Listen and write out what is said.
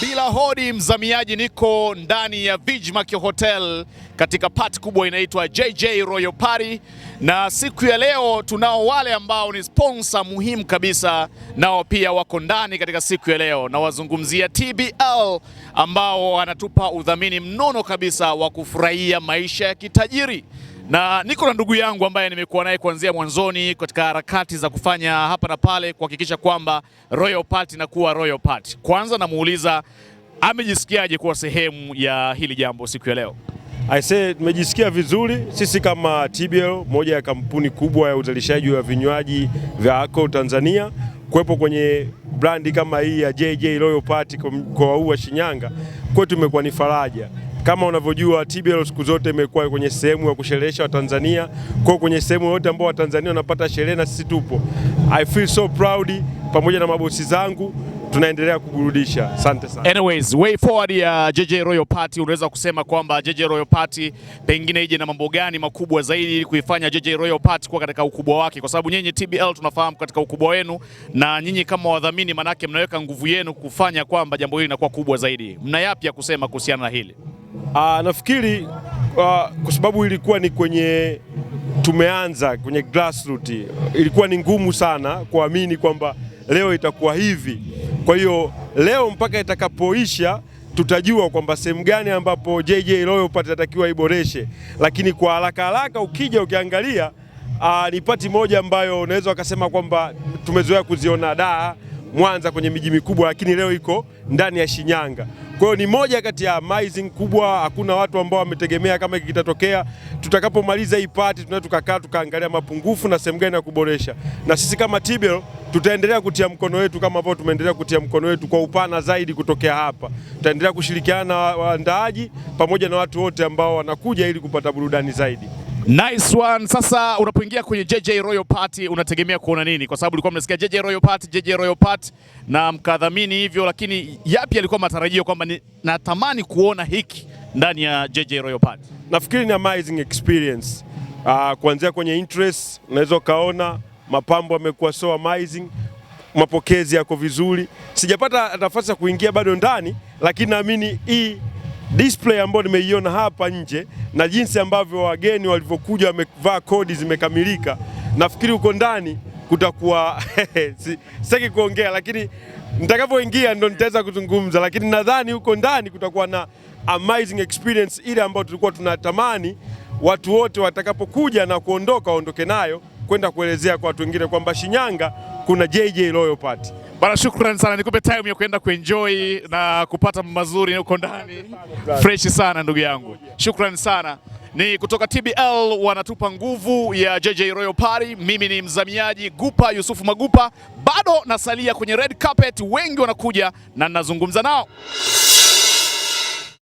Bila hodi mzamiaji, niko ndani ya Vijmark Hotel katika part kubwa inaitwa JJ Royal Party, na siku ya leo tunao wale ambao ni sponsor muhimu kabisa, nao pia wako ndani katika siku ya leo, na wazungumzia TBL ambao wanatupa udhamini mnono kabisa wa kufurahia maisha ya kitajiri na niko na ndugu yangu ambaye nimekuwa naye kuanzia mwanzoni katika harakati za kufanya hapa na pale kuhakikisha kwamba Royal Party inakuwa Royal Party. Kwanza namuuliza amejisikiaje kuwa sehemu ya hili jambo siku ya leo? say tumejisikia vizuri sisi kama TBL, moja ya kampuni kubwa ya uzalishaji wa vinywaji vya alcohol Tanzania, kuwepo kwenye brandi kama hii ya JJ Royal Party kwa mkoa huu wa Shinyanga kwetu imekuwa ni faraja. Kama unavyojua TBL siku zote imekuwa kwenye sehemu ya kusherehesha Watanzania, kwa kwenye sehemu yote ambao Watanzania wanapata sherehe na sisi tupo. I feel so proud, pamoja na mabosi zangu tunaendelea kuburudisha. Asante sana. Anyways, way forward ya JJ Royal Party, unaweza kusema kwamba JJ Royal Party pengine ije na mambo gani makubwa zaidi ili kuifanya JJ Royal Party kuwa katika ukubwa wake, kwa sababu nyinyi TBL tunafahamu katika ukubwa wenu, na nyinyi kama wadhamini, manake mnaweka nguvu yenu kufanya kwamba jambo hili linakuwa kubwa zaidi. Mna yapi ya kusema kuhusiana na hili? Aa, ah, nafikiri ah, kwa sababu ilikuwa ni kwenye tumeanza kwenye grassroots, ilikuwa ni ngumu sana kuamini kwamba leo itakuwa hivi. Kwa hiyo leo mpaka itakapoisha tutajua kwamba sehemu gani ambapo JJ Leopards atakiwa iboreshe, lakini kwa haraka haraka ukija ukiangalia ah, ni pati moja ambayo unaweza ukasema kwamba tumezoea kuziona daa Mwanza kwenye miji mikubwa, lakini leo iko ndani ya Shinyanga. Kwa hiyo ni moja kati ya amazing kubwa, hakuna watu ambao wametegemea kama kitatokea. Tutakapomaliza hii party, tunaweza tukakaa tukaangalia mapungufu na sehemu gani ya kuboresha, na sisi kama TBL tutaendelea kutia mkono wetu kama ambao tumeendelea kutia mkono wetu kwa upana zaidi. Kutokea hapa, tutaendelea kushirikiana na waandaaji pamoja na watu wote ambao wanakuja ili kupata burudani zaidi. Nice one. Sasa unapoingia kwenye JJ Royal Party unategemea kuona nini? Kwa sababu ulikuwa mnasikia JJ Royal Party, JJ Royal Party na mkadhamini hivyo, lakini yapi alikuwa matarajio kwamba natamani kuona hiki ndani ya JJ Royal Party? Nafikiri ni amazing experience. Uh, kuanzia kwenye interest unaweza ukaona mapambo yamekuwa so amazing, mapokezi yako vizuri. Sijapata nafasi ya kuingia bado ndani, lakini naamini hii display ambayo nimeiona hapa nje na jinsi ambavyo wageni walivyokuja wamevaa kodi zimekamilika, nafikiri huko ndani kutakuwa sitaki kuongea, lakini nitakapoingia ndo nitaweza kuzungumza, lakini nadhani huko ndani kutakuwa na amazing experience ile ambayo tulikuwa tunatamani watu wote watakapokuja na kuondoka waondoke nayo kwenda kuelezea kwa watu wengine kwamba Shinyanga kuna JJ Royal Party. Bana, shukrani sana, nikupe time ya kuenda kuenjoy na kupata mazuri huko ndani. Fresh sana ndugu yangu, shukrani sana. Ni kutoka TBL wanatupa nguvu ya JJ Royal Party. Mimi ni mzamiaji Gupa Yusufu Magupa, bado nasalia kwenye red carpet, wengi wanakuja na ninazungumza nao.